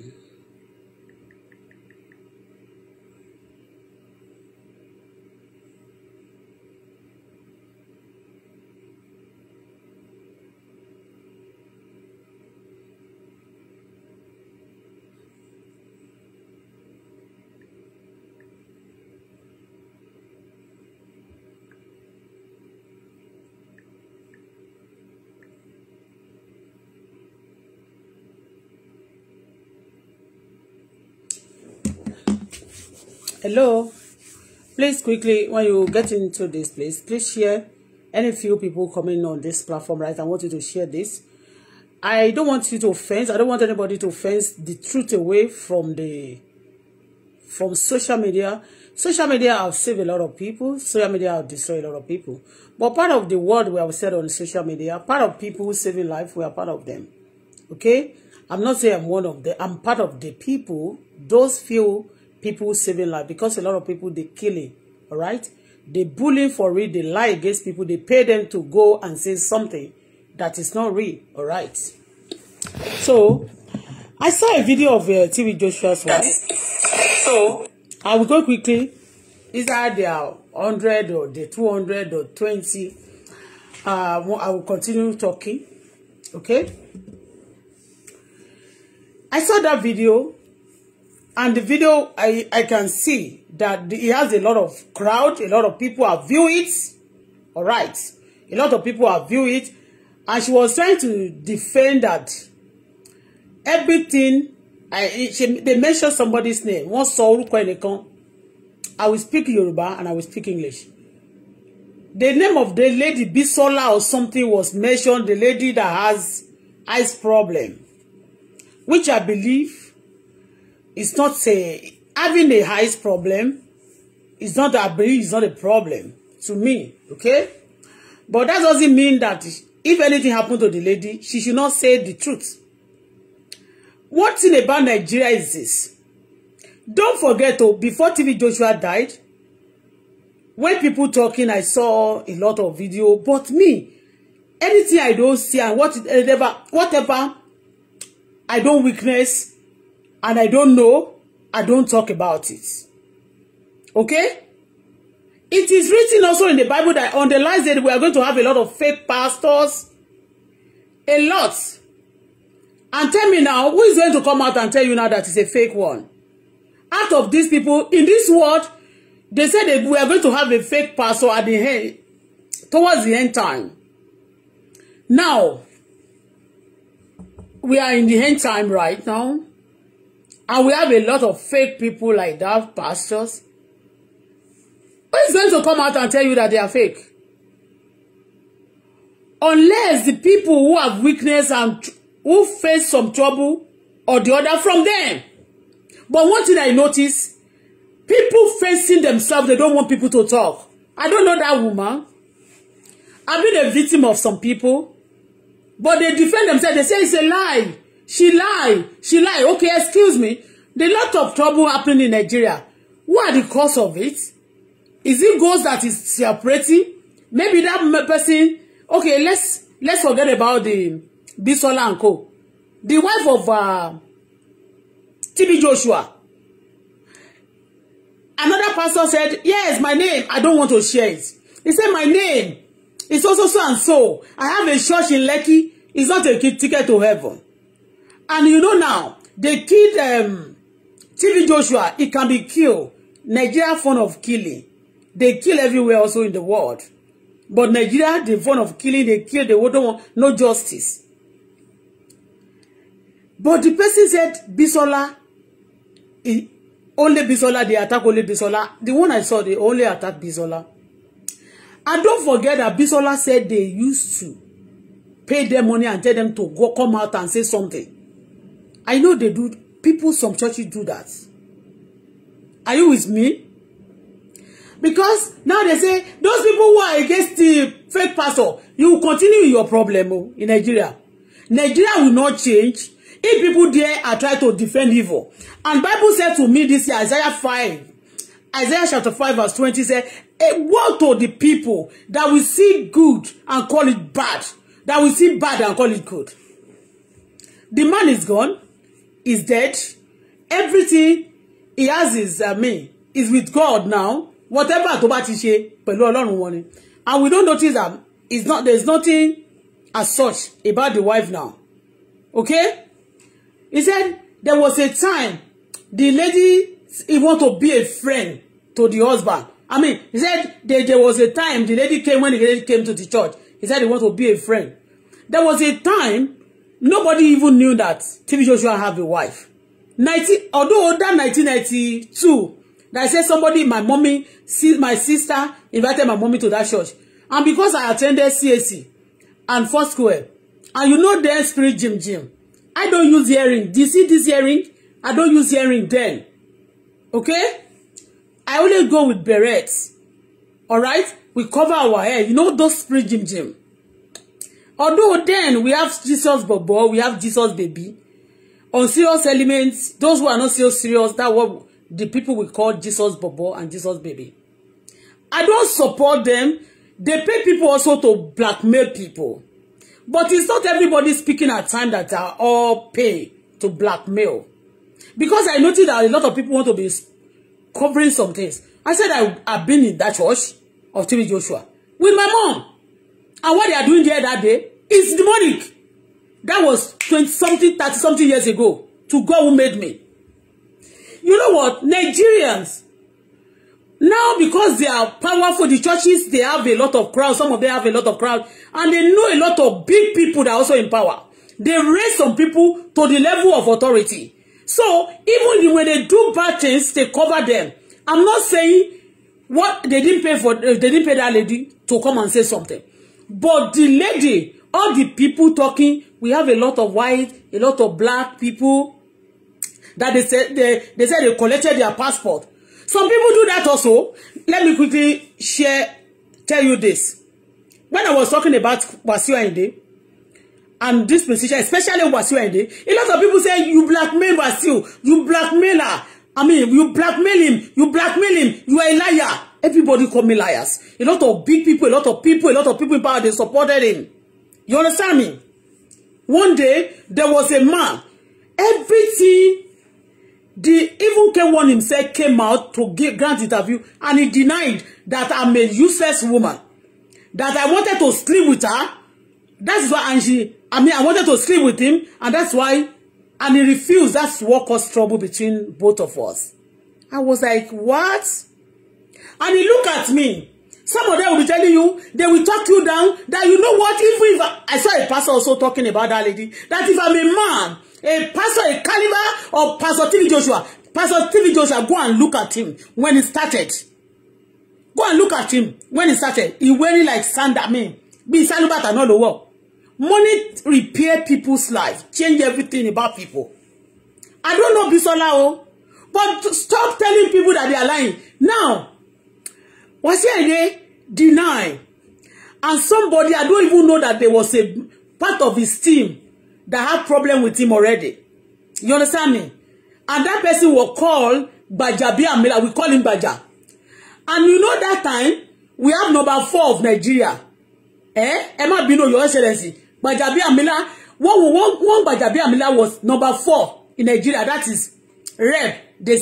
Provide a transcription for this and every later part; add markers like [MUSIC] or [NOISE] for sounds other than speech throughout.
இருக்குது hello please quickly when you get into this place please share any few people coming on this platform right i want you to share this i don't want you to fence i don't want anybody to fence the truth away from the from social media social media have saved a lot of people social media have destroyed a lot of people but part of the world we have said on social media part of people saving life we are part of them okay i'm not saying i'm one of them i'm part of the people those few people saving life because a lot of people they killing all right they bully for real they lie against people they pay them to go and say something that is not real all right so i saw a video of uh, tv Joshua's, fly so i will go quickly either they are 100 or the 200 or 20 uh, i will continue talking okay i saw that video And the video, I, I can see that it has a lot of crowd. A lot of people have viewed it. All right. A lot of people have viewed it. And she was trying to defend that everything I, she, they mentioned somebody's name. Wọ́n sọ orúkọ I will speak Yoruba and I will speak English. The name of the lady Bisola or something was mentioned, the lady that has eyes problem, which I believe It's not a having a eyes problem. It's not a belief. It's not a problem to me. Okay, but that doesn't mean that if anything happened to the lady, she should not say the truth. One thing about Nigeria is this. Don't forget, oh, before TV Joshua died, when people talking, I saw a lot of video. But me, anything I don't see and what, whatever, whatever I don't witness, and I don't know, I don't talk about it. Okay? It is written also in the Bible that on the last day we are going to have a lot of fake pastors. A lot. And tell me now, who is going to come out and tell you now that it's a fake one? Out of these people, in this world, they said that we are going to have a fake pastor at the end, towards the end time. Now, we are in the end time right now. And we have a lot of fake people like that, pastors. Who is going to come out and tell you that they are fake? Unless the people who have weakness and who face some trouble or the other from them. But one thing I notice, people facing themselves, they don't want people to talk. I don't know that woman. I've been a victim of some people. But they defend themselves. They say it's a lie. She lie. She lie. Okay, excuse me. The lot of trouble happening in Nigeria. What are the cause of it? Is it ghost that is separating? Maybe that person. Okay, let's let's forget about the Bisola and co. The wife of uh, TB Joshua. Another pastor said, yes, my name, I don't want to share it. He said, my name is also so and so. I have a church in Lekki. It's not a ticket to heaven. And you know now, they killed um, TV Joshua. it can be killed. Nigeria fond of killing. They kill everywhere also in the world. But Nigeria, they fond of killing. They kill. They don't want no justice. But the person said, Bisola, only Bisola, they attack only Bisola. The one I saw, they only attack Bisola. And don't forget that Bisola said they used to pay them money and tell them to go come out and say something. I know they do, people, some churches do that. Are you with me? Because now they say, those people who are against the fake pastor, you will continue your problem oh, in Nigeria. Nigeria will not change if people there are trying to defend evil. And Bible said to me this year, Isaiah 5, Isaiah chapter 5 verse 20 said, A eh, word to the people that will see good and call it bad, that will see bad and call it good. The man is gone is dead. Everything he has is uh, me is with God now. Whatever tó bá ti ṣe pẹ̀lú Ọlọ́run And we don't notice that it's not there's nothing as such about the wife now. Okay? He said there was a time the lady he want to be a friend to the husband. I mean, he said there, there was a time the lady came when the lady came to the church. He said he want to be a friend. There was a time nobody even knew that TV Joshua have a wife. 19 although that 1992, that I said somebody, my mommy, see, my sister invited my mommy to that church. And because I attended CAC and First Square, and you know then spirit gym gym, I don't use earring. Do you see this earring? I don't use earring then. Okay? I only go with berets. All right, We cover our hair. You know those spirit gym gym. Although then we have Jesus Bobo, we have Jesus baby. On serious elements, those who are not so serious, that what the people will call Jesus Bobo and Jesus baby. I don't support them. They pay people also to blackmail people. But it's not everybody speaking at time that are all paid to blackmail. Because I noticed that a lot of people want to be covering some things. I said I, have been in that church of Timmy Joshua with my mom. And what they are doing there that day, It's demonic. That was 20 something, 30 something years ago to God who made me. You know what? Nigerians, now because they are powerful, the churches, they have a lot of crowd. Some of them have a lot of crowd. And they know a lot of big people that are also in power. They raise some people to the level of authority. So even when they do bad things, they cover them. I'm not saying what they didn't pay for, they didn't pay that lady to come and say something. But the lady all the people talking we have a lot of white a lot of black people that they said they, they said they collected their passport some people do that also let me quickly share tell you this when I was talking about Wasiu Ayinde and this position especially Wasiu Ayinde a lot of people say you blackmail Wasiu you blackmailer. I mean you blackmail him you blackmail him you are a liar everybody call me liars a lot of big people a lot of people a lot of people in power they supported him You understand me? One day, there was a man. Everything, the even came one himself came out to give, grant interview and he denied that I'm a useless woman. That I wanted to sleep with her. That's why, and she, I mean, I wanted to sleep with him and that's why, and he refused. That's what caused trouble between both of us. I was like, what? And he looked at me. Some of them will be telling you, they will talk you down, that you know what, even if I, saw a pastor also talking about that lady, that if I'm a man, a pastor, a caliber or Pastor T.V. Joshua, Pastor T.V. Joshua, go and look at him when he started. Go and look at him when he started. He wearing like sand at me. Be salubata, not the world. Money repair people's life, change everything about people. I don't know Bisola, oh, but stop telling people that they are lying. Now, What's it again? Deny. And somebody, I don't even know that there was a part of his team that had problem with him already. You understand me? And that person was called Baja Biamila. We call him Baja. And you know that time, we have number four of Nigeria. Eh? Ẹ má bínú, Your Excellency. Baja Biamila, one, one, one Baja Biamila was number four in Nigeria. That is Rev the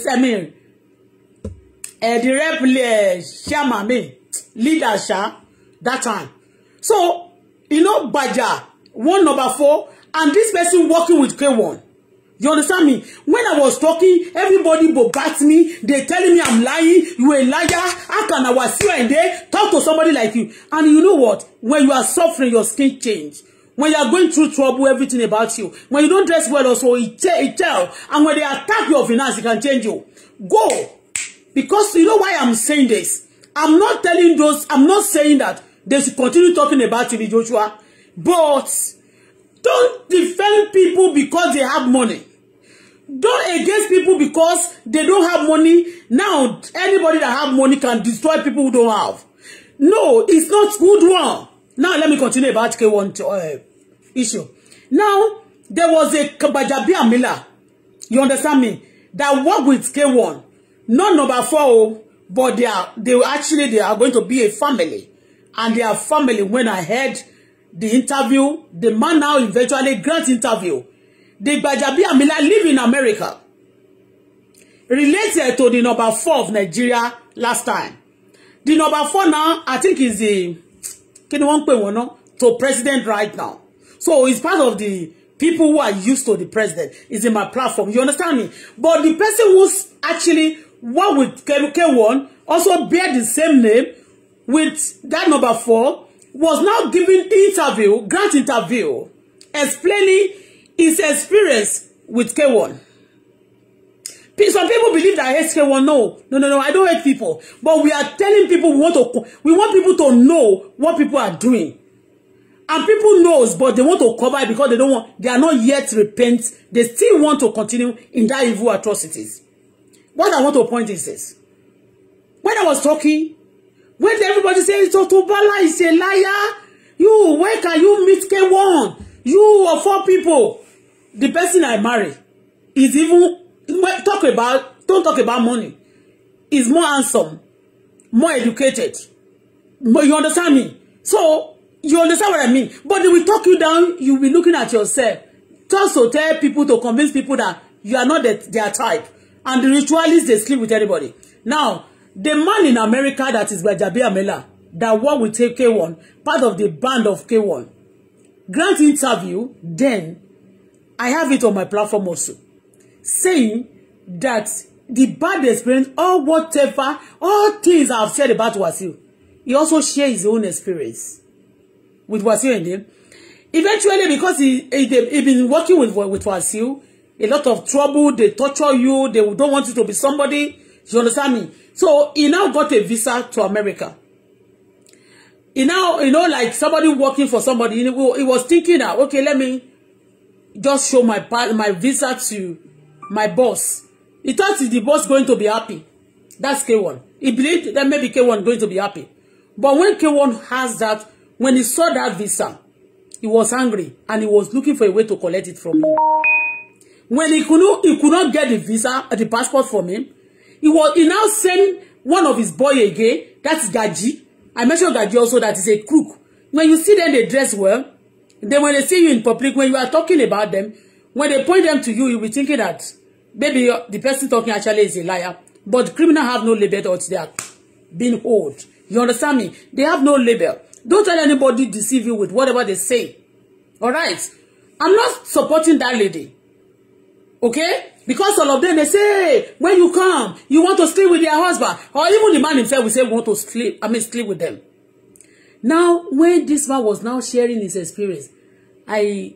uh, the rep uh, chairman me leader sha that time so you know Baja one number four and this person working with K1 you understand me when I was talking everybody go bat me they telling me I'm lying you a liar how can I was and there talk to somebody like you and you know what when you are suffering your skin change when you are going through trouble everything about you when you don't dress well also it tell and when they attack your finance it can change you go Because you know why I'm saying this? I'm not telling those, I'm not saying that they should continue talking about T.B. Joshua. But don't defend people because they have money. Don't against people because they don't have money. Now, anybody that have money can destroy people who don't have. No, it's not good one. Now, let me continue about K1 uh, issue. Now, there was a Kabajabi Miller. You understand me? That worked with K1. Not number four, oh, but they are they actually they are going to be a family. And their family, when I heard the interview, the man now eventually grant interview. The Gbajabi Amila live in America. Related to the number four of Nigeria last time. The number four now, I think is the kí one, wọ́n ń to president right now. So it's part of the people who are used to the president. is in my platform. You understand me? But the person who's actually what with keruke one also bear the same name with that number four, was now giving interview, grant interview, explaining his experience with K1. Some people believe that I hate K1. No, no, no, no. I don't hate people. But we are telling people we want to we want people to know what people are doing. And people knows, but they want to cover it because they don't want, they are not yet repent. They still want to continue in that evil atrocities. What I want to point is this. When I was talking, when everybody says Totobala is a liar, you, where can you meet K1? You of four people, the person I marry is even, talk about, don't talk about money, is more handsome, more educated. But you understand me? So, you understand what I mean? But if we talk you down, you'll be looking at yourself. Just to tell people, to convince people that you are not their type. And the ritualists, they sleep with anybody. Now, the man in America that is by Jabi Amela, that work with K1, part of the band of K1, grant interview, then I have it on my platform also, saying that the bad experience or whatever, all things I have said about Wasiu, he also shared his own experience with Wasiu and him. Eventually, because he, he, he been working with, with Wasiu, a lot of trouble. They torture you. They don't want you to be somebody. You understand me? So he now got a visa to America. He now, you know, like somebody working for somebody. He was thinking that, okay, let me just show my my visa to my boss. He thought the boss going to be happy. That's K1. He believed that maybe K1 going to be happy. But when K1 has that, when he saw that visa, he was angry and he was looking for a way to collect it from me. When he could not, he could not get the visa, uh, the passport from him, he was he now sent one of his boy again. That's Gaji. I mentioned Gaji also that is a crook. When you see them, they dress well. Then when they see you in public, when you are talking about them, when they point them to you, you'll be thinking that maybe the person talking actually is a liar. But criminal have no label or they are being old, You understand me? They have no label. Don't let anybody deceive you with whatever they say. All right? I'm not supporting that lady. Okay? Because all of them, they say, when you come, you want to sleep with their husband. Or even the man himself will say, want to sleep, I mean, sleep with them. Now, when this man was now sharing his experience, I,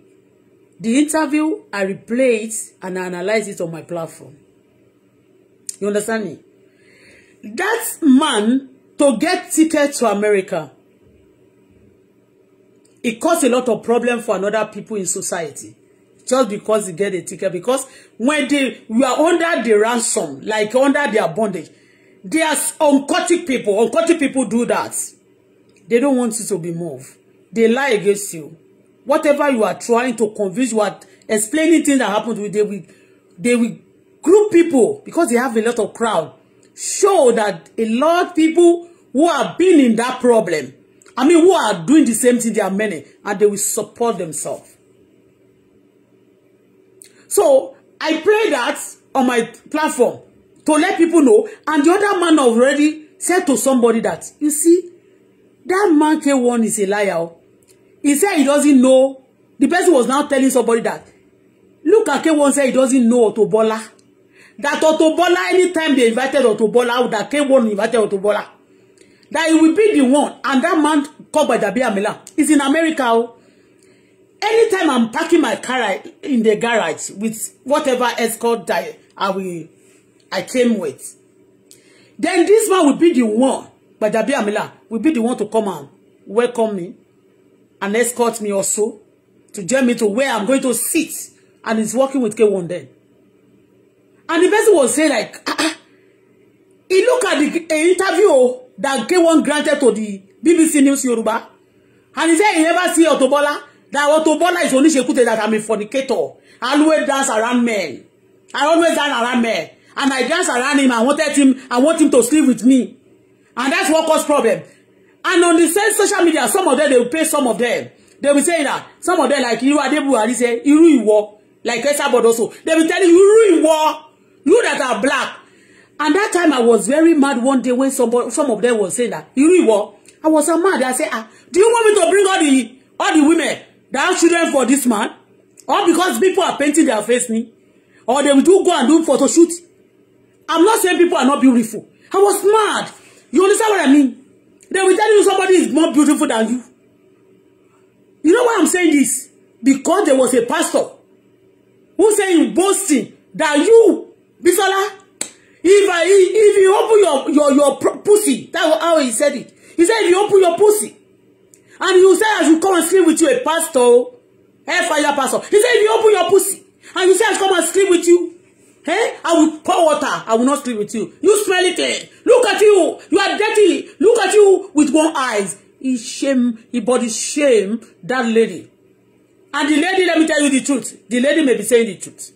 the interview, I replay it and I analyze it on my platform. You understand me? That man, to get ticket to America, it caused a lot of problem for another people in society just because you get a ticket because when they you are under the ransom like under their bondage they are uncultic people uncultic people do that they don't want you to be moved they lie against you whatever you are trying to convince what explaining things that happened to they will they will group people because they have a lot of crowd show that a lot of people who have been in that problem I mean who are doing the same thing they are many and they will support themselves So I pray that on my platform to let people know. And the other man already said to somebody that, you see, that man K1 is a liar. He said he doesn't know. The person was now telling somebody that, look at K1 said he doesn't know Otobola. That Otobola anytime they invited Otobola, that K1 invited Otobola. That he will be the one. And that man called by Dabi Amila is in America anytime I'm packing my car in the garage with whatever escort that I will I came with, then this man will be the one, but Gbajabiamila Amila will be the one to come and welcome me and escort me also to get me to where I'm going to sit. And he's working with K1 then. And the person will say like, ah, ah. he look at the interview that K1 granted to the BBC News Yoruba. And he said he never see Otobola. That Auto Bola is only she could that I'm a fornicator. I always dance around men. I always dance around men. And I dance around him. I wanted him, I want him to sleep with me. And that's what caused problem. And on the same social media, some of them, they will pay some of them. They will say that. Some of them, like you are able to say, you Iru war, Like Esabod also. They will tell you, you Iru war. You that are black. And that time I was very mad one day when somebody, some of them was saying that, you Iru war, I was so mad. I said, ah, do you want me to bring all the, all the women? that children for this man or because people are painting their face ni or they do go and do photo shoot i'm not saying people are not beautiful i was mad you understand what i mean they will tell you somebody is more beautiful than you you know why i'm saying this because there was a pastor who saying boasting that you Bisola if i if you open your your your pussy that was how he said it he said if you open your pussy And you say I should come and sleep with you, a pastor. Oh, fire pastor. He said, if you open your pussy and you say I should come and sleep with you, eh? I will pour water. I will not sleep with you. You smell it. Eh? Look at you. You are dirty. Look at you with one eyes. He shame, he body shame that lady. And the lady, let me tell you the truth. The lady may be saying the truth.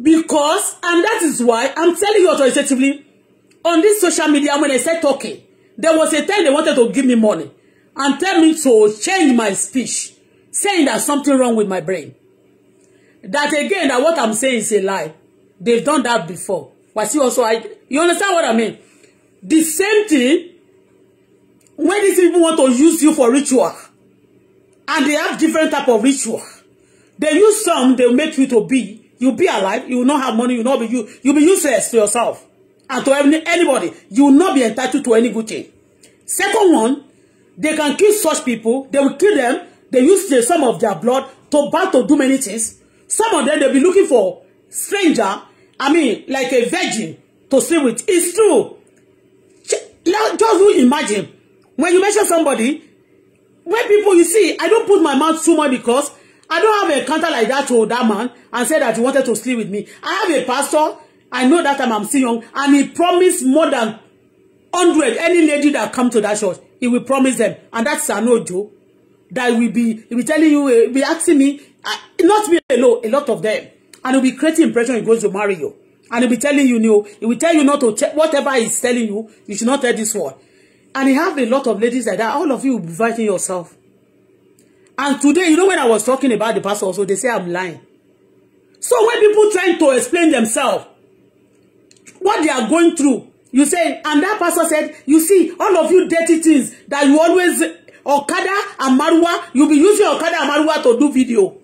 Because, and that is why I'm telling you authoritatively, on this social media, when I said talking, there was a time they wanted to give me money and tell me to change my speech, saying that something wrong with my brain. That again, that what I'm saying is a lie. They've done that before. Wasiu also, I, you understand what I mean? The same thing, when these people want to use you for ritual, and they have different type of ritual, they use some, they make you to be, you'll be alive, You'll not have money, You'll not be, you, you'll be useless to yourself and to any, anybody. You'll not be entitled to any good thing. Second one, They can kill such people. They will kill them. They use the, some of their blood to bat to do many things. Some of them, they'll be looking for stranger, I mean, like a virgin to sleep with. It's true. Just imagine, when you mention somebody, when people, you see, I don't put my mouth too much because I don't have a counter like that to that man and say that he wanted to sleep with me. I have a pastor. I know that time I'm still young. And he promised more than 100 any lady that come to that church. He will promise them. And that's an ojo That will be, he will telling you, he be asking me, uh, not me alone, a lot of them. And he'll be creating impression He going to marry you. And he'll be telling you, no, he will tell you not to, whatever he's telling you, you should not tell this one. And he have a lot of ladies like that. All of you will be fighting yourself. And today, you know when I was talking about the pastor also, they say I'm lying. So when people trying to explain themselves, what they are going through, You say, and that pastor said, you see, all of you dirty things that you always, Okada and Marua, you be using Okada and Marua to do video.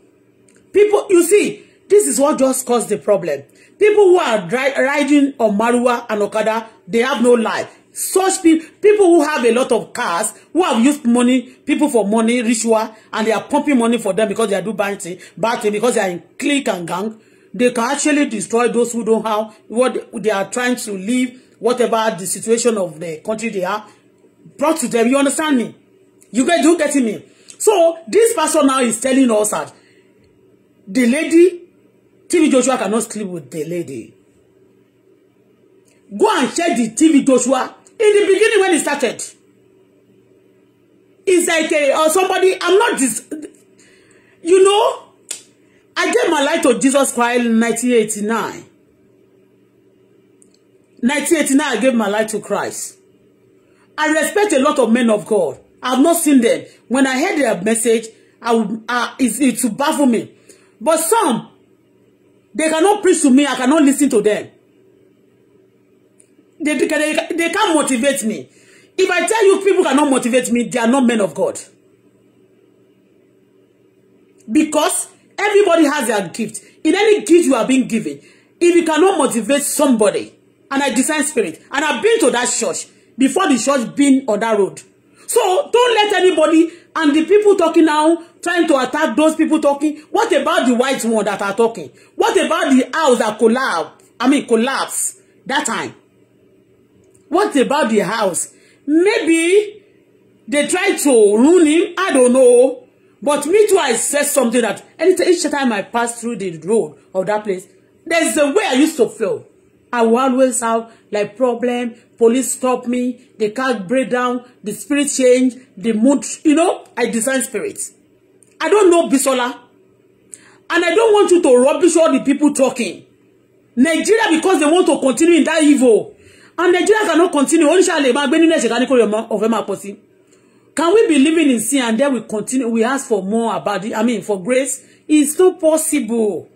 People, you see, this is what just caused the problem. People who are riding on Marua and Okada, they have no life. Such people, people who have a lot of cars, who have used money, people for money, ritual, and they are pumping money for them because they do bad thing, bad thing because they are in clique and gang, they can actually destroy those who don't have what they are trying to live whatever the situation of the country they are brought to them. You understand me? You get you getting me? So this person now is telling us that the lady, TV Joshua cannot sleep with the lady. Go and check the TV Joshua in the beginning when it started. It's like a, or somebody, I'm not this, you know, I gave my life to Jesus Christ in 1989. 1989, I gave my life to Christ. I respect a lot of men of God. I've not seen them. When I heard their message, I would, uh, it, it would baffle me. But some, they cannot preach to me. I cannot listen to them. They, they, they can't motivate me. If I tell you people cannot motivate me, they are not men of God. Because everybody has their gift. In any gift you are being given, if you cannot motivate somebody, and I discern spirit. And I've been to that church before the church been on that road. So don't let anybody and the people talking now trying to attack those people talking. What about the white one that are talking? What about the house that collapse? I mean collapse that time. What about the house? Maybe they try to ruin him. I don't know. But me too, I said something that anytime each time I pass through the road of that place, there's a way I used to feel. I will always have like problem. Police stop me. The car break down. The spirit change. The mood. You know, I design spirits. I don't know Bisola. And I don't want you to rubbish all the people talking. Nigeria because they want to continue in that evil. And Nigeria cannot continue. Can we be living in sin and then we continue we ask for more about it? I mean for grace? It's not possible.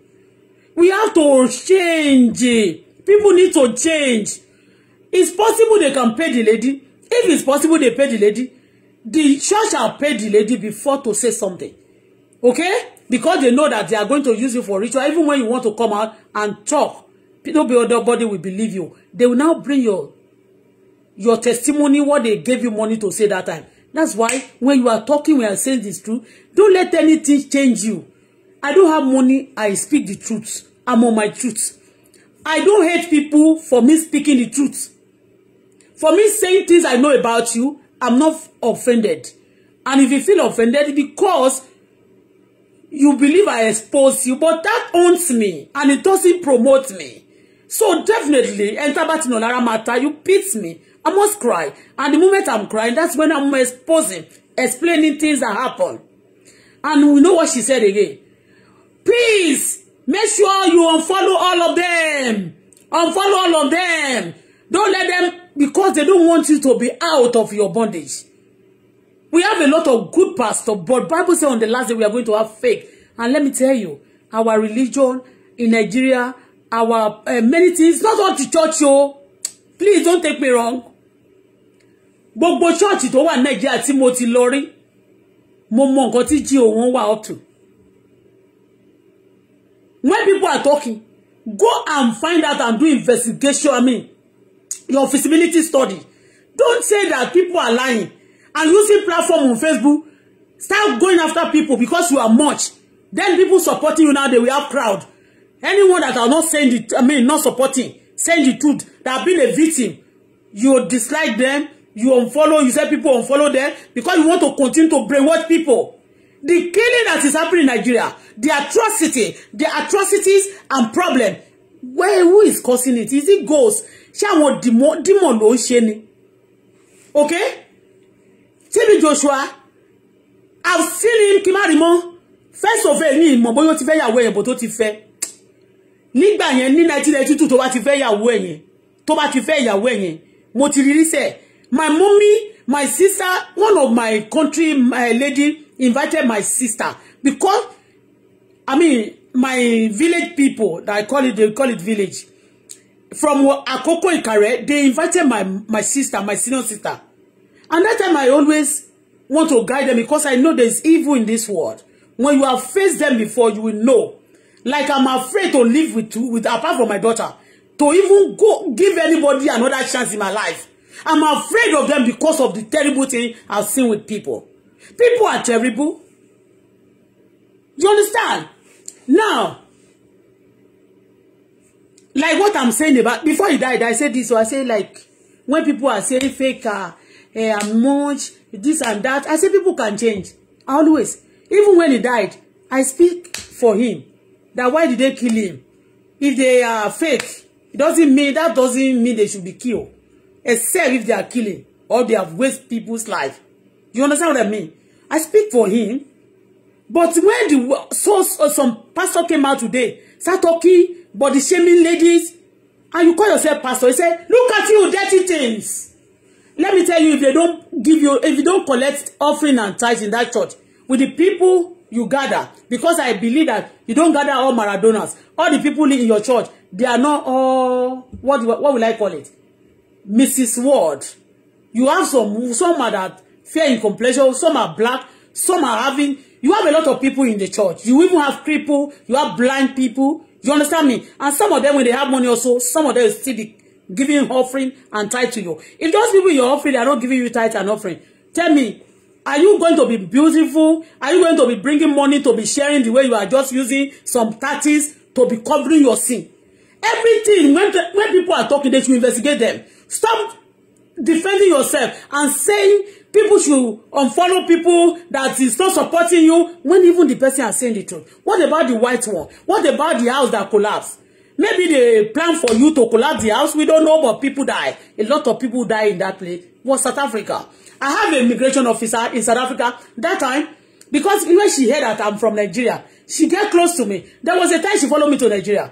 We have to change. People need to change. It's possible they can pay the lady. If it's possible they pay the lady, the church shall pay the lady before to say something. Okay? Because they know that they are going to use you for ritual. Even when you want to come out and talk, nobody will believe you. They will now bring your your testimony, what they gave you money to say that time. That's why when you are talking, when you are saying this truth, don't let anything change you. I don't have money. I speak the truth. I'm on my truth. I don't hate people for me speaking the truth. For me saying things I know about you, I'm not offended. And if you feel offended because you believe I expose you, but that owns me and it doesn't promote me. So definitely, enter batin olara matter, you beat me. I must cry. And the moment I'm crying, that's when I'm exposing, explaining things that happen. And we know what she said again. Please, Make sure you unfollow all of them. Unfollow all of them. Don't let them, because they don't want you to be out of your bondage. We have a lot of good pastors, but Bible says on the last day we are going to have fake. And let me tell you, our religion in Nigeria, our uh, many things, not all the church, oh. Please don't take me wrong. Gbogbo church tó wà Nigeria tí mo ti lọ rí, mo mọ nǹkan tí jí òun up to when people are talking go and find out and do investigation i mean your feasibility study don't say that people are lying and using platform on facebook start going after people because you are much then people supporting you now they will have crowd anyone that are not saying the i mean not supporting saying the truth that have been a victim you dislike them you unfollow you say people unfollow them because you want to continue to brainwash people The killing that is happening in Nigeria, the atrocity, the atrocities and problem. Where who is causing it? Is it ghosts? Shall we demon demon ló ń ṣe ni? Okay? Joshua, I've seen him kí má First of all, ni ìmọ̀ bóyá ó ti fẹ́ yàwó ẹ̀yẹ̀ bó tó ti fe Nígbà yẹn ni 1992 tó bá ti fẹ́ yàwó ẹ̀yẹ̀ tó bá ti fẹ́ ìyàwó ẹ̀yẹn mo ti rí se. my mommy, my sister one of my country my eh, lady invited my sister because I mean my village people that I call it they call it village from Akoko Ikare they invited my my sister my senior sister and that time I always want to guide them because I know there's evil in this world when you have faced them before you will know like I'm afraid to live with with apart from my daughter to even go give anybody another chance in my life I'm afraid of them because of the terrible thing I've seen with people People are terrible. You understand? Now, like what I'm saying about before he died, I said this. So I say like when people are saying fake, uh, uh, much this and that. I say people can change always. Even when he died, I speak for him. That why did they kill him? If they are fake, it doesn't mean that doesn't mean they should be killed, except if they are killing or they have waste people's life. You understand what I mean? I speak for him. But when the so, so some pastor came out today, start talking, body shaming ladies, and you call yourself pastor, he said, look at you, dirty things. Let me tell you, if they don't give you, if you don't collect offering and tithes in that church, with the people you gather, because I believe that you don't gather all Maradonas, all the people in your church, they are not all, what, what will I call it? Mrs. Ward. You have some, some that fair in complexion, some are black, some are having, you have a lot of people in the church. You even have cripple, you have blind people, you understand me? And some of them, when they have money also, some of them still be giving offering and tithe to you. If those people you're offering they are not giving you tithe and offering, tell me, are you going to be beautiful? Are you going to be bringing money to be sharing the way you are just using some tithes to be covering your sin? Everything, when, the, when people are talking, they should investigate them. Stop defending yourself and saying People should unfollow people that is not supporting you when even the person has saying the truth. What about the white one? What about the house that collapsed? Maybe they plan for you to collapse the house. We don't know, but people die. A lot of people die in that place. Was South Africa. I have a immigration officer in South Africa that time because when she heard that I'm from Nigeria, she get close to me. There was a time she followed me to Nigeria.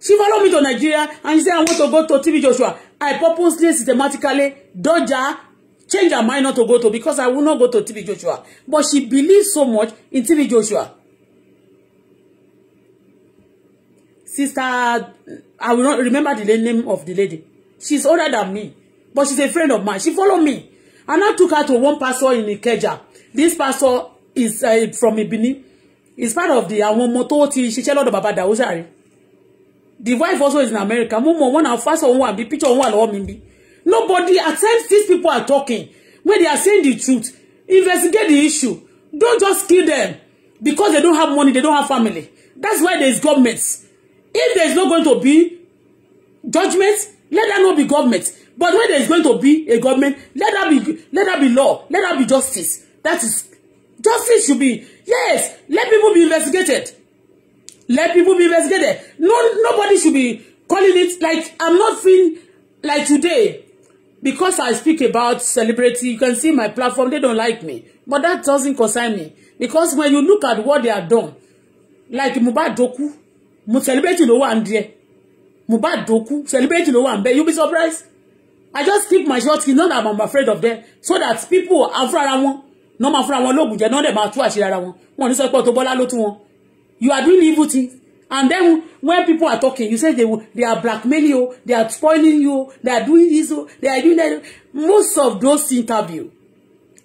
She followed me to Nigeria and she said, I want to go to TV Joshua. I purposely, systematically, dodge her change her mind not to go to because I will not go to TB Joshua. But she believes so much in TB Joshua. Sister, I will not remember the name of the lady. She's older than me, but she's a friend of mine. She followed me. And I took her to one pastor in Ikeja. This pastor is uh, from Ibini. He's part of the àwọn She tó ti ṣiṣẹ́ lọ́dọ̀ bàbá Dàwúsàrí. The wife also is in America. Mumu, one wọn náà fásọ̀ òun wà bí píṣọ̀ òun wà lọ́wọ́ Nobody, at times these people are talking when they are saying the truth. Investigate the issue. Don't just kill them because they don't have money, they don't have family. That's why there's governments. If there's not going to be judgment, let that not be government. But when there's going to be a government, let that be let that be law, let that be justice. That is justice should be yes, let people be investigated. Let people be investigated. No nobody should be calling it like I'm not feeling like today because I speak about celebrity, you can see my platform, they don't like me. But that doesn't concern me. Because when you look at what they have done, like Mohbad Doku, celebrity ló wà ńbẹ̀. Mohbad Doku, celebrity ló wà ńbẹ̀. You'll be surprised. I just keep my short not that I'm afraid of them. So that people afra wọn, no ma afra wọn lóògùn no dem ma tú àṣírí ara wọn. Wọ́n ní sọ pé You are doing evil things. And then when people are talking, you say they they are blackmailing you, they are spoiling you, they are doing this, they are doing that. Most of those interviews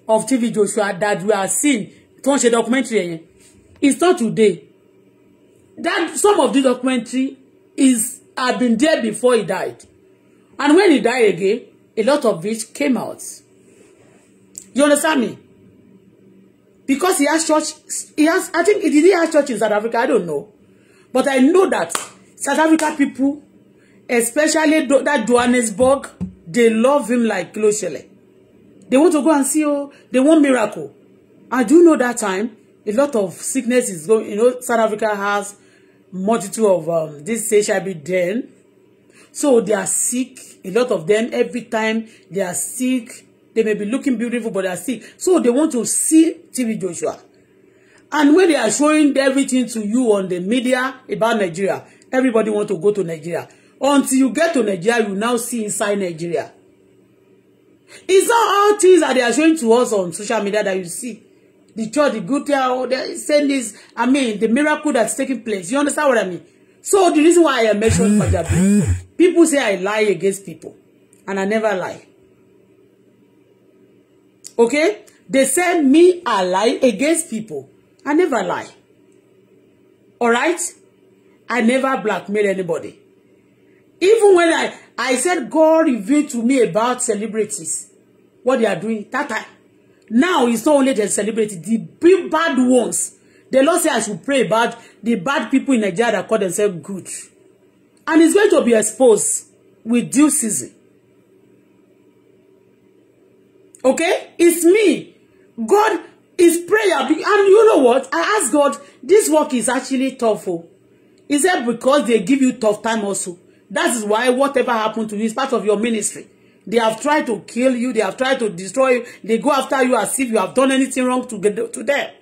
of TV Joshua that we are seeing, tó ń documentary yẹn, it's not today. That some of the documentary is had been there before he died. And when he died again, a lot of it came out. You understand me? Because he has church, he has, I think, did didn't have church in South Africa? I don't know. But I know that South Africa people, especially do, that Johannesburg, they love him like closely. They want to go and see, oh, they want miracle. I do know that time, a lot of sickness is going, you know, South Africa has multitude of um, this HIV then. So they are sick, a lot of them, every time they are sick, they may be looking beautiful, but they are sick. So they want to see TB Joshua. And when they are showing everything to you on the media about Nigeria, everybody want to go to Nigeria. Until you get to Nigeria, you now see inside Nigeria. It's not all things that they are showing to us on social media that you see. The church, the good there, oh, they send this. I mean, the miracle that's taking place. You understand what I mean? So the reason why I mentioned Punjabi, people say I lie against people, and I never lie. Okay? They say me I lie against people. I never lie. All right? I never blackmail anybody. Even when I, I said God revealed to me about celebrities, what they are doing, that time. Now it's not only the celebrity, the big bad ones. The Lord says I should pray about the bad people in Nigeria that call themselves good. And it's going to be exposed with due season. Okay? It's me. God, Is prayer. And you know what? I ask God, this work is actually tough. Oh, Is that because they give you tough time also? That is why whatever happened to you is part of your ministry. They have tried to kill you. They have tried to destroy you. They go after you as if you have done anything wrong to, to them.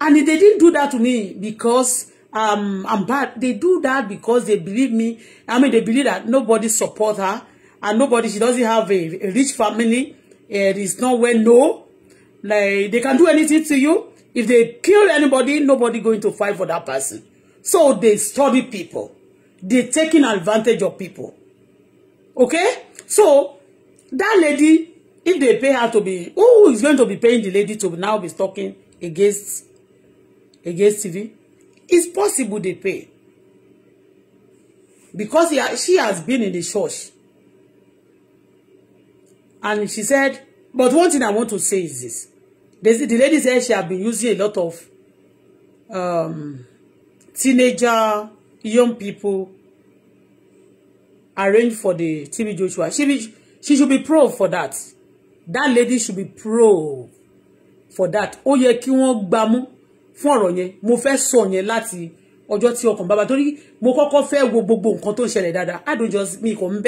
And they didn't do that to me because um, I'm bad. They do that because they believe me. I mean, they believe that nobody support her and nobody, she doesn't have a, a rich family. It is nowhere, no. Like they can do anything to you. If they kill anybody, nobody going to fight for that person. So they study people. They taking advantage of people. Okay? So that lady, if they pay her to be, who is going to be paying the lady to now be talking against against TV? It's possible they pay. Because he, she has been in the church. And she said, but one thing I want to say is this. Basically, the lady said she had been using a lot of um, teenager, young people arranged for the TV Joshua. She, be, she should be pro for that. That lady should be pro for that. Oh yeah, kí wọ́n gbámú fún ọ̀rọ̀ yẹn. Mo fẹ́ sọ yẹn láti ọjọ́ tí ọkàn bàbá torí mo kọ́kọ́ fẹ́ wo gbogbo nǹkan tó ń ṣẹlẹ̀ I don't just me kò ń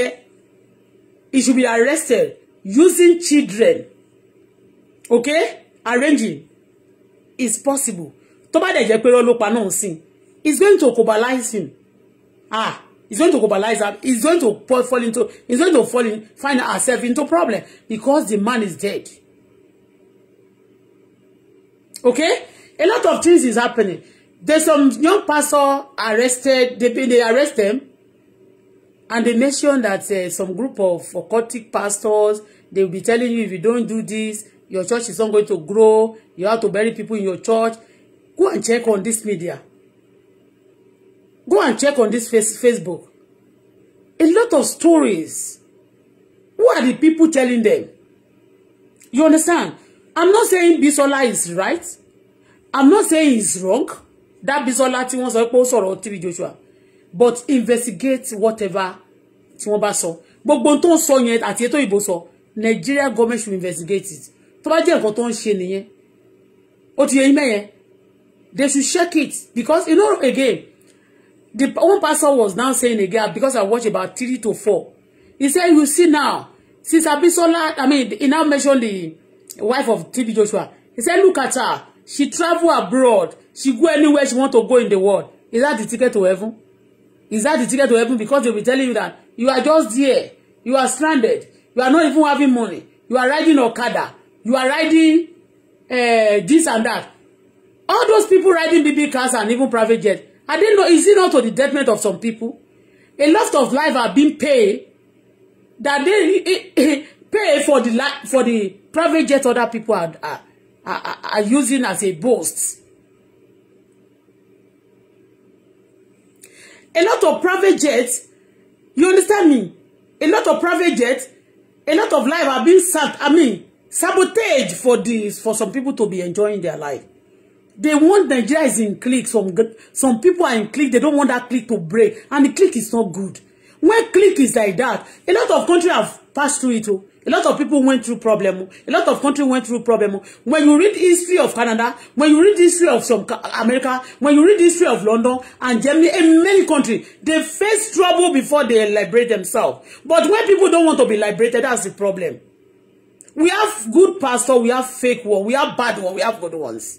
He should be arrested using children. Okay? arranging is possible tó bá dẹ̀ jẹ́ pé rọ́lọ́pàá náà sìn it's going to cobalize him ah it's going to cobalize am it's going to fall into it's going to fall in find herself into problem because the man is dead okay a lot of things is happening there's some young pastor arrested they they arrest them and they mention that uh, some group of occultic pastors they be telling you if you don't do this Your church is not going to grow. You have to bury people in your church. Go and check on this media. Go and check on this face Facebook. A lot of stories. Who are the people telling them? You understand? I'm not saying Bisola is right. I'm not saying he's wrong. That Bisola tí wọ́n sọ pé ó sọ̀rọ̀ TB Joshua. But investigate whatever tí wọ́n bá sọ. Gbogbo tó ń sọ yẹn àti ètò ìbò sọ. Nigeria government should investigate it tó bá jẹ́ nǹkan tó ń ṣe nìyẹn ó ti yẹ yín mẹ́yẹn they should check it because you know again the one pastor was now saying again because I watch about three to four he say you see now since Abisola I mean he now mention the wife of TB Joshua he say look at her she travel abroad she go anywhere she want to go in the world is that the ticket to heaven is that the ticket to heaven because they be telling you that you are just there you are stranded you are not even having money you are riding okada you are riding uh, this and that all those people riding BB cars and even private jets I didn't know is it not to the detriment of some people a lot of lives are being paid that they [COUGHS] pay for the for the private jet other people are are, are, are using as a boast. A lot of private jets, you understand me? A lot of private jets, a lot of lives are being sacked. I mean, sabotage for this for some people to be enjoying their life they want Nigeria is in clique some some people are in clique they don't want that clique to break and the clique is not good when clique is like that a lot of countries have passed through it oh a lot of people went through problem oh. a lot of countries went through problem oh. when you read history of Canada when you read history of some America when you read history of London and Germany and many countries they face trouble before they liberate themselves but when people don't want to be liberated that's the problem We have good pastor, we have fake one, we have bad one, we have good ones.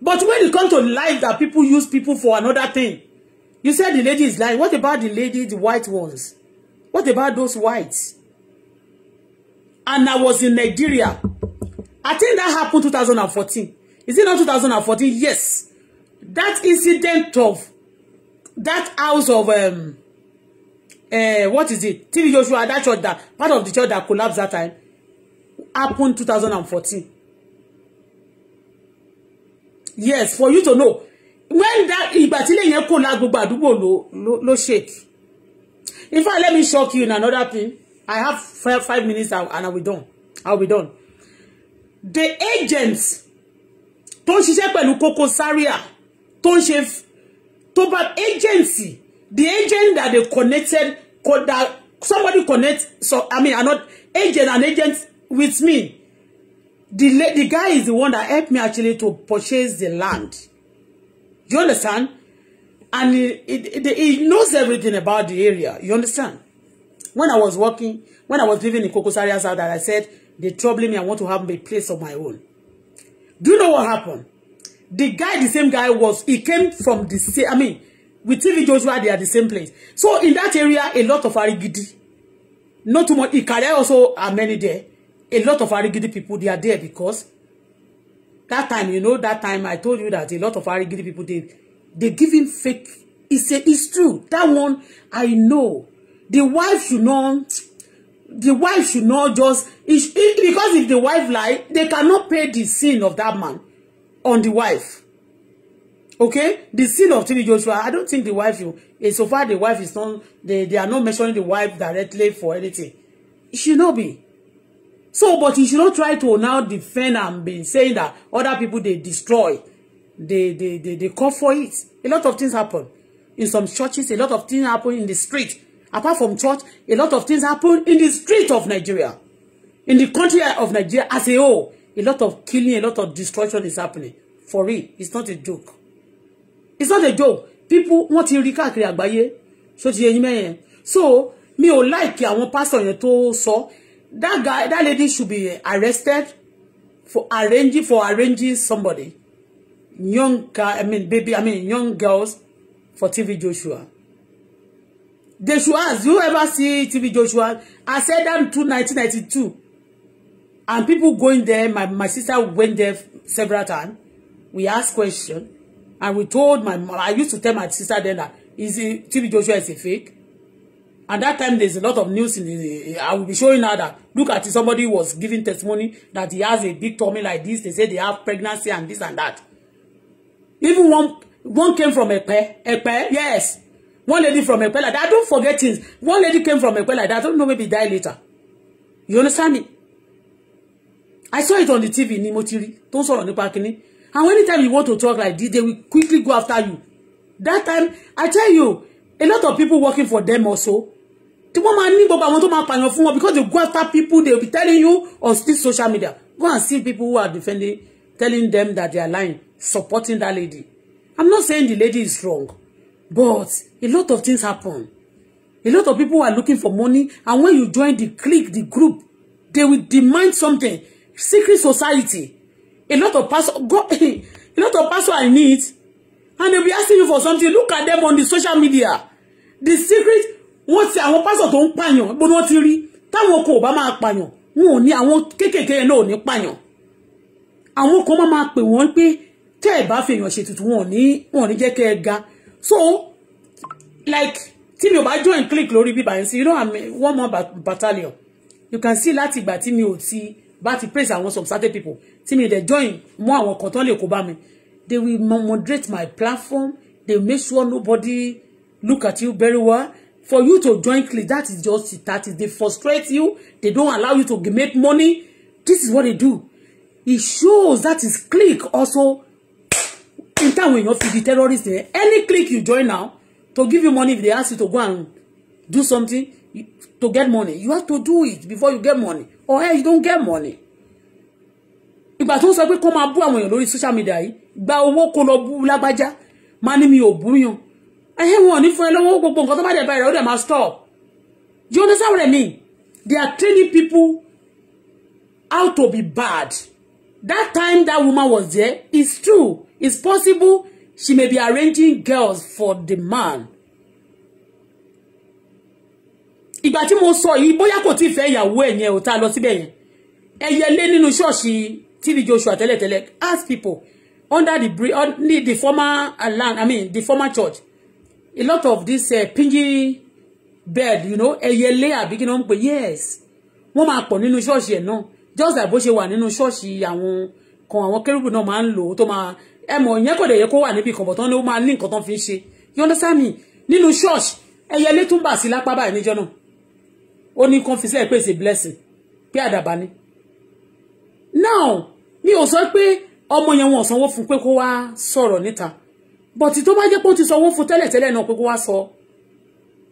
But when it comes to life that people use people for another thing, you said the lady is lying. What about the lady, the white ones? What about those whites? And I was in Nigeria. I think that happened 2014. Is it not 2014? Yes. That incident of that house of um, uh, what is it? TV Joshua, that church that, part of the church that collapsed that time, happened 2014. Yes, for you to know. When that, ìgbà tí ilé yẹn kò lá gbogbo àdúgbò ló, ló, shake. In fact, let me shock you in another thing. I have five, five minutes and I'll be done. I will be done. The agents tó ń ṣiṣẹ́ pẹ̀lú Koko Zaria tó ń ṣe tó bá agency the agent that they connected could that somebody connect so I mean not agent and agent with me the the guy is the one that helped me actually to purchase the land you understand and he, he, he knows everything about the area you understand when I was working when I was living in Kokosari house that I said they troubling me I want to have a place of my own do you know what happened the guy the same guy was he came from the same I mean With TV Joshua, they are the same place. So in that area, a lot of Arigidi. Not too much. Ikare also are many there. A lot of Arigidi people, they are there because that time, you know, that time I told you that a lot of Arigidi people, they, they give him fake. It's, a, it's true. That one, I know. The wife should not, the wife should not just, it, it, because if the wife lie, they cannot pay the sin of that man on the wife. Okay, the sin of Tini Joshua, I don't think the wife, eh, so far the wife is not, they, they are not mentioning the wife directly for anything. She should not be. So, but you should not try to now defend and be saying that other people, they destroy. They, they, they, they call for it. A lot of things happen. In some churches, a lot of things happen in the street. Apart from church, a lot of things happen in the street of Nigeria. In the country of Nigeria as a whole, a lot of killing, a lot of destruction is happening. For real, it's not a joke it's not a joke people want to rí káàkiri àgbáyé so ti yẹyin mẹ́yẹn so me, ò like àwọn pastor yẹn tó sọ that guy that lady should be arrested for arranging for arranging somebody young girl. I mean baby I mean young girls for TV Joshua they should ask you ever see TV Joshua I said that to 1992 and people going there my my sister went there several times we ask question And we told my mom, I used to tell my sister then that is it, TB Joshua is a fake. And that time there's a lot of news in the, I will be showing her that look at it, somebody was giving testimony that he has a big tummy like this. They say they have pregnancy and this and that. Even one one came from Epe. Epe, yes. One lady from Epe like that. I don't forget things. One lady came from Epe like that. I don't know, maybe die later. You understand me? I saw it on the TV ní mo Don't saw tó ń sọ̀rọ̀ nípa And anytime you want to talk like this, they will quickly go after you. That time, I tell you, a lot of people working for them also, The woman, máa ní gbogbo àwọn tó máa pààyàn fún wọn because they go after people they will be telling you on this social media go and see people who are defending telling them that they are lying supporting that lady I'm not saying the lady is wrong but a lot of things happen a lot of people are looking for money and when you join the clique the group they will demand something secret society A lot of pastors, go. [LAUGHS] a lot of pastors I need, and they'll be asking you for something. Look at them on the social media. The secret, wọ́n ti àwọn pásọ̀ tó ń pààyàn gbóná ti rí táwọn kò bá máa pààyàn wọn ò ní àwọn kéékèèké náà ò ní pààyàn àwọn kan máa máa pè wọ́n pé tẹ́ ẹ̀ bá fi èèyàn ṣètùtù wọn ò ní ni ò ní jẹ́ kẹ́ ga so like tí mi ò bá join click lórí bíbá yẹn sí you know I'm one more battalion you can see láti ìgbà tí mi ò ti bá ti praise àwọn some certain people tí mi dẹ̀ join Mo àwọn kan tán lè kó bá mi they will moderate my platform they will make sure nobody look at you very well for you to join clique that is just that is they frustrate you they don't allow you to make money this is what they do it shows that is clique also in time when you fit be terrorist eh any clique you join now to give you money if they ask you to go and do something you, to get money you have to do it before you get money or else you don't get money ìgbà tó ń sọ pé kó máa bú àwọn èèyàn lórí social media yìí gba owó kó lọ bú lágbájá máa ní mi ò búyàn ẹ̀hẹ́ wọn ò ní fún ẹ lọ́wọ́ gbogbo nǹkan tó bá dẹ̀ bá rẹ̀ ó dẹ̀ máa stop you understand what I mean they are training people how to be bad that time that woman was there it's true it's possible she may be arranging girls for the man ìgbà tí mo sọ yìí bóyá kò tí ì fẹ́ ìyàwó ẹ̀ yẹn ò tá a lọ síbẹ̀ yẹn ẹ̀yẹ lé nínú ṣọ́ọ̀ṣì TV Joshua tẹ́lẹ̀tẹ́lẹ̀ ask people under the under the former land I mean the former church a lot of this uh, eh, pingy bed you know ẹ̀yẹ lé àbí kí ni wọ́n pè yes wọ́n máa pọ̀ nínú ṣọ́ọ̀ṣì ẹ̀ náà just like bó ṣe wà nínú ṣọ́ọ̀ṣì àwọn kan àwọn kérúbù náà máa ń lò ó tó máa ẹ mọ̀ ìyẹn kò dẹ̀ yẹ kó wà níbi ìkànbọ̀ tán ni ó máa ní nǹkan tán fi ń ṣe you understand me nínú ṣọ́ọ̀ṣì ẹ̀yẹ lé tún bà sí lápá báyìí níjọ́ náà ó ní kàn fi sẹ́yìn pé it's a blessing pé àdàbà ni now mi ò sọ pé ọmọ yẹn wọn ò sanwó fún pé kó wá sọ̀rọ̀ níta but tó bá jẹ́ pé ó ti sanwó fún tẹ́lẹ̀tẹ́lẹ̀ náà pé kó wá sọ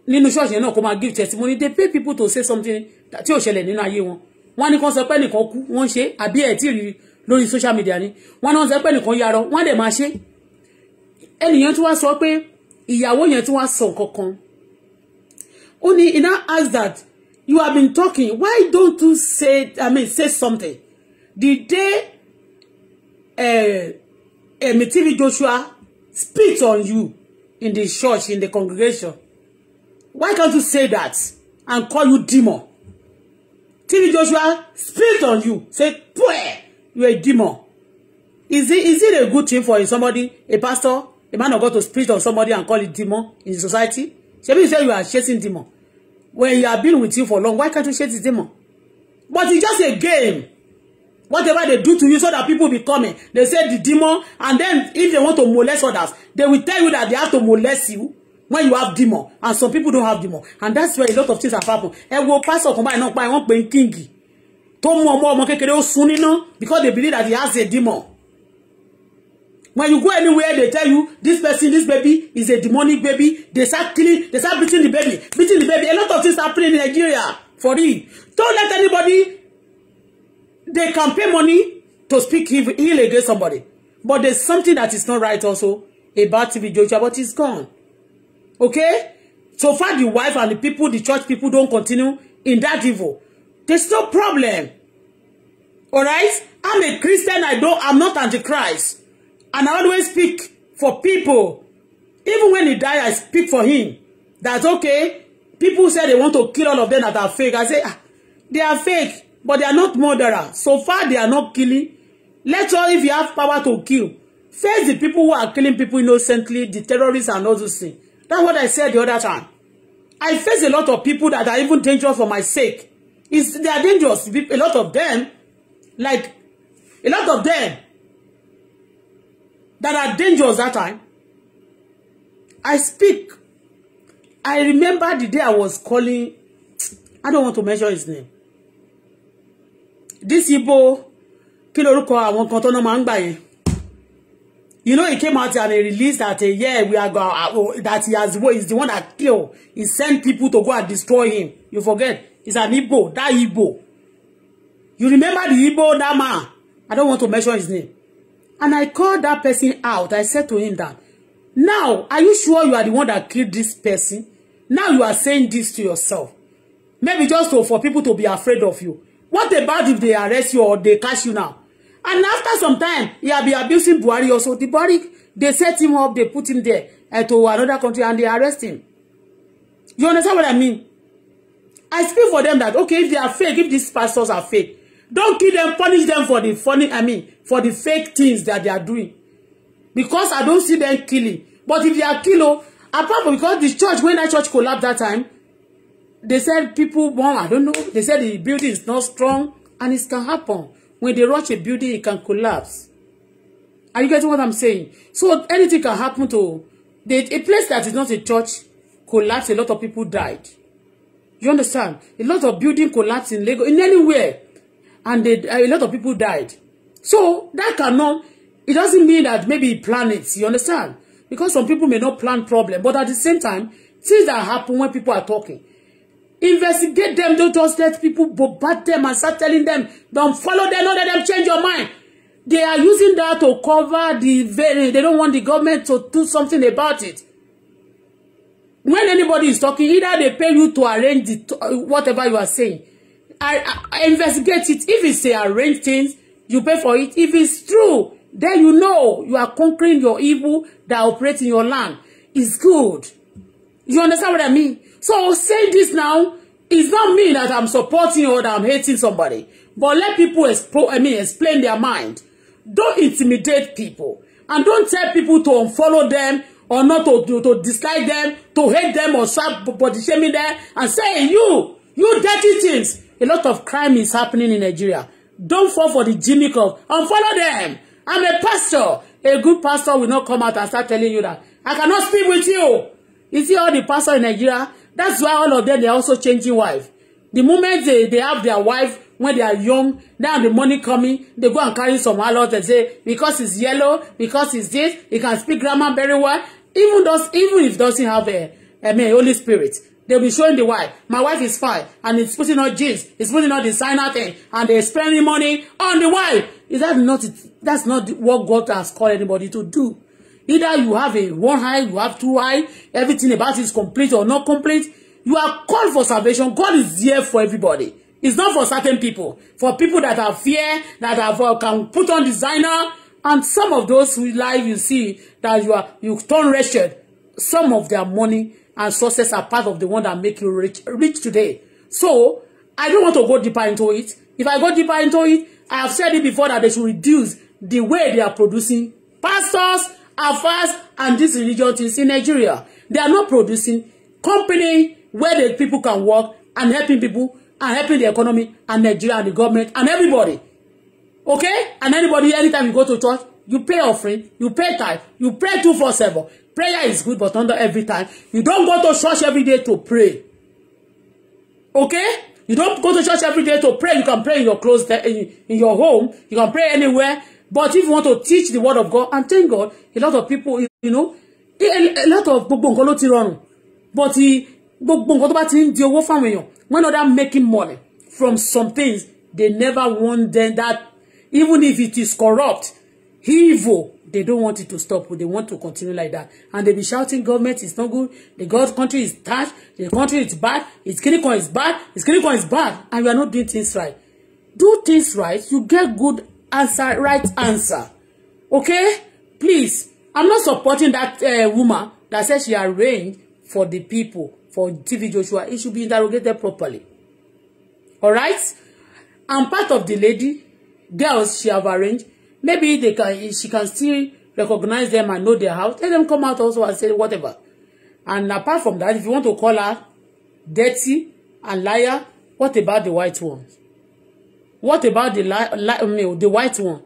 nínú ṣọ́ọ̀ṣì yẹn náà kó máa give testimony they pay people to say something tí ò ṣẹlẹ̀ nínú ayé wọn wọ́n ní kàn sọ pé nìkan kú wọ́n ṣe àbí ẹ̀ tí ì rí lórí social media ni wọ́n náà sọ pé nìkan yarọ wọ́n dẹ̀ máa ṣe ẹnìyẹn tí wọ́n sọ pé ìyàwó yẹn tí wọ́n sọ kankan ó ní iná ask that you have been talking why don't you say i mean say something the day uh, eh, uh, Mtv Joshua spit on you in the church in the congregation why can't you say that and call you demon TV Joshua spit on you say pray you're a demon is it is it a good thing for somebody a pastor a man of God to spit on somebody and call it demon in society shebi you say you are chasing demon when you have been with you for long why can't you shake the demon but it's just a game whatever they do to you so that people be coming they say the demon and then if they want to molest others they will tell you that they have to molest you when you have demon and some people don't have demon and that's where a lot of things have happened And we'll pass kan báyìí náà by ẹ wọ́n pè ń king tó mú ọmọ ọmọ because they believe that he has a demon When you go anywhere, they tell you, this person, this baby is a demonic baby. They start killing, they start beating the baby, beating the baby. A lot of things happening in Nigeria, for real. Don't let anybody, they can pay money to speak evil, ill against somebody. But there's something that is not right also about TV Joshua, but it's gone. Okay? So far, the wife and the people, the church people don't continue in that evil. There's no problem. All right? I'm a Christian. I don't, I'm not antichrist. And I always speak for people. Even when he died, I speak for him. That's okay. People say they want to kill all of them that are fake. I say, ah, they are fake, but they are not murderers. So far, they are not killing. Let's all, if you have power to kill, face the people who are killing people innocently, the terrorists and all those things. That's what I said the other time. I face a lot of people that are even dangerous for my sake. It's, they are dangerous. A lot of them, like, a lot of them, that are dangerous that time. I speak. I remember the day I was calling. I don't want to mention his name. This Igbo, kí lorúkọ àwọn kan tó You know, he came out and he released that, uh, yeah, we are going, uh, oh, that he has, he's the one that killed. He sent people to go and destroy him. You forget. He's an Igbo. That Igbo. You remember the Igbo, that man? I don't want to mention his name. And I called that person out. I said to him that, now, are you sure you are the one that killed this person? Now you are saying this to yourself. Maybe just to, for people to be afraid of you. What about if they arrest you or they catch you now? And after some time, he had been abusing Buhari also. The Buhari, they set him up, they put him there uh, to another country and they arrest him. You understand what I mean? I speak for them that, okay, if they are fake, if these pastors are fake, Don't kill them, punish them for the funny, I mean, for the fake things that they are doing. Because I don't see them killing. But if they are killing, oh, apart from because the church, when that church collapsed that time, they said people, well, I don't know, they said the building is not strong and it can happen. When they rush a building, it can collapse. Are you getting what I'm saying? So anything can happen to they, a place that is not a church collapsed, a lot of people died. You understand? A lot of building collapsed in Lagos, in anywhere and they, a lot of people died. So that cannot, it doesn't mean that maybe planets, you understand? Because some people may not plan problem, but at the same time, things that happen when people are talking, investigate them, don't just let people bombard them and start telling them, don't follow them, don't let them change your mind. They are using that to cover the very, they don't want the government to do something about it. When anybody is talking, either they pay you to arrange the, whatever you are saying, I, I investigate it. If it's a arranged things, you pay for it. If it's true, then you know you are conquering your evil that operates in your land. It's good. You understand what I mean? So saying this now, it's not me that I'm supporting or that I'm hating somebody. But let people expo I mean, explain their mind. Don't intimidate people. And don't tell people to unfollow them or not to, to, to dislike them, to hate them or start body shaming them and say you, you dirty things. A lot of crime is happening in Nigeria. Don't fall for the gimmick of unfollow them. I'm a pastor. A good pastor will not come out and start telling you that. I cannot speak with you. You see all the pastor in Nigeria? That's why all of them, they're also changing wife. The moment they, they have their wife, when they are young, now the money coming, they go and carry some allot and say, because it's yellow, because it's this, he can speak grammar very well. Even those, even if doesn't have eh, a, a Holy Spirit, They'll be showing the wife. My wife is fine. And it's putting on jeans. It's putting on designer thing. And they're spending money on the wife. Is that not it? That's not what God has called anybody to do. Either you have a one eye, you have two eye, everything about it is complete or not complete. You are called for salvation. God is here for everybody. It's not for certain people. For people that are fear, that have uh, can put on designer, and some of those who live, you see that you are you turn wretched. Some of their money and success are part of the one that make you rich, rich today. So, I don't want to go deeper into it. If I go deeper into it, I have said it before that they should reduce the way they are producing pastors, affairs, and these religion things in Nigeria. They are not producing company where the people can work and helping people and helping the economy and Nigeria and the government and everybody. Okay? And anybody, anytime you go to church, you pay offering, you pay tithe, you pray seven prayer is good but not every time you don't go to church every day to pray okay you don't go to church every day to pray you can pray in your clothes eh, in, in your home you can pray anywhere but if you want to teach the word of God and thank God a lot of people you know a lot of gbogbo nǹkan ló ti rọrùn but gbogbo nǹkan tó bá ti ń di owó fáwọn èèyàn when other making money from some things they never want them that even if it is corrupt evil they don't want it to stop they want to continue like that and they be shouting government is not good the god country is trash the country is bad its clinical is bad its clinical is bad and we are not doing things right do things right you get good answer right answer okay please i'm not supporting that uh, woman that says she arranged for the people for TV Joshua it should be interrogated properly all right I'm part of the lady girls she have arranged Maybe they can, she can still recognize them and know their house. Let them come out also and say whatever. And apart from that, if you want to call her dirty and liar, what about the white ones? What about the li li the white one?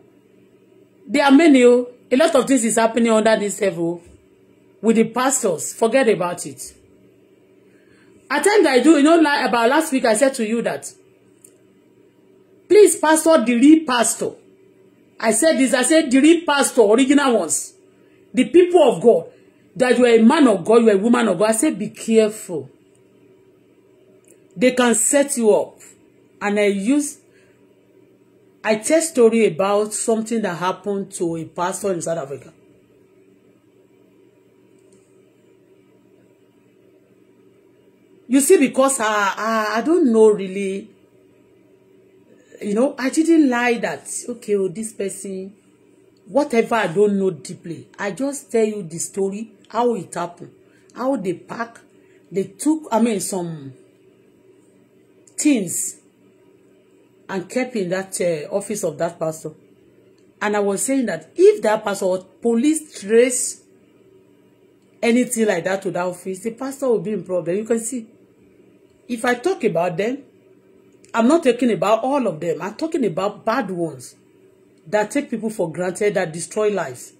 There are many. Oh. A lot of things is happening under this level oh. with the pastors. Forget about it. At times I do, you know, like about last week I said to you that please pastor the real pastor I said this, I said the real pastor, original ones, the people of God, that you are a man of God, you are a woman of God. I said, be careful. They can set you up. And I use, I tell story about something that happened to a pastor in South Africa. You see, because I, I, I don't know really you know, I didn't lie that, okay, oh, this person, whatever I don't know deeply, I just tell you the story, how it happened, how they pack, they took, I mean, some things and kept in that uh, office of that pastor. And I was saying that if that pastor or police trace anything like that to that office, the pastor will be in problem. You can see. If I talk about them, I'm not talking about all of them. I'm talking about bad ones that take people for granted that destroy lives.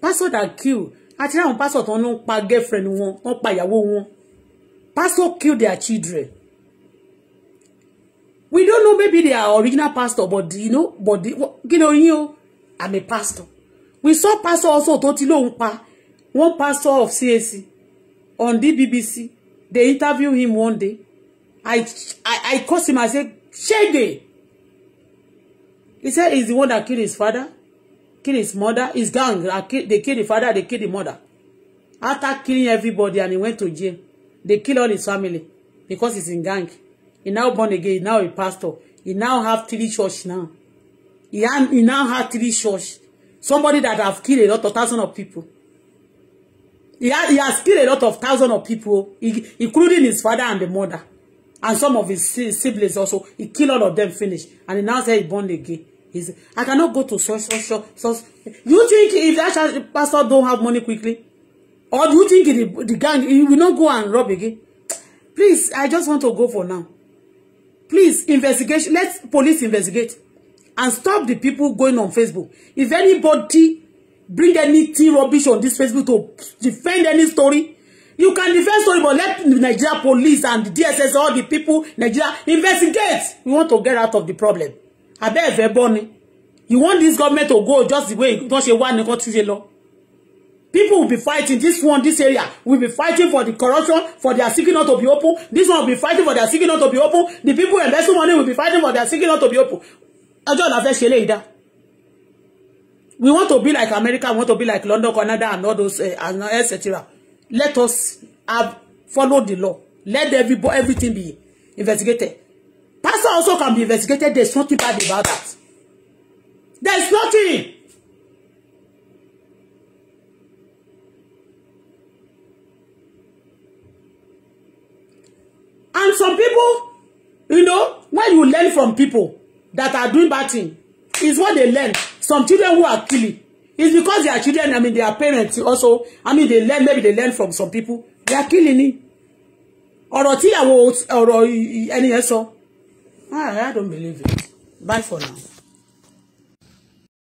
Pastor that kill. Àti àwọn pastor tó ń pa girlfriend wọn, wọ́n pa ìyàwó wọn. Pastor kill their children. We don't know maybe they are original pastor but you know but the, you know you I'm a pastor. We saw pastor also tó ti lóun pa one pastor of CAC on the BBC. They interview him one day. I, I, I called him. I said, Shege. He said he's the one that killed his father, killed his mother, his gang. Uh, they killed the father, they killed the mother. After killing everybody and he went to jail, they killed all his family because he's in gang. He now born again, now a pastor. He now have three church now. He, ha he now have three church. Somebody that have killed a lot of thousands of people. He, ha he has killed a lot of thousands of people, including his father and the mother and some of his siblings also he killed all of them finish and he now say he born again he say i cannot go to such such such you think if that pastor don't have money quickly or do you think the, the gang he will not go and rob again please i just want to go for now please investigation let police investigate and stop the people going on facebook if anybody bring any anything rubbish on this facebook to defend any story You can defend story, but let the Nigeria police and the DSS, all the people, Nigeria, investigate. We want to get out of the problem. I bet if born, you want this government to go just the way it don't say one law. People will be fighting this one, this area will be fighting for the corruption, for their seeking not to be open. This one will be fighting for their seeking not to be open. The people investing money will be fighting for their seeking not to be open. I don't fẹ́ ṣe lé ìdá. We want to be like America, we want to be like London, Canada, and all those, uh, eh, eh, etc let us have followed the law. Let every everything be investigated. Pastor also can be investigated. There's nothing bad about that. There's nothing. And some people, you know, when you learn from people that are doing bad thing, is what they learn. Some children who are killing, It's because they are children, I mean, they are parents also, I mean, they learn, maybe they learn from some people. They are killing me. Ọ̀rọ̀ or ìyàwó ọ̀rọ̀ ẹni ah, I don't believe it. Bye for now.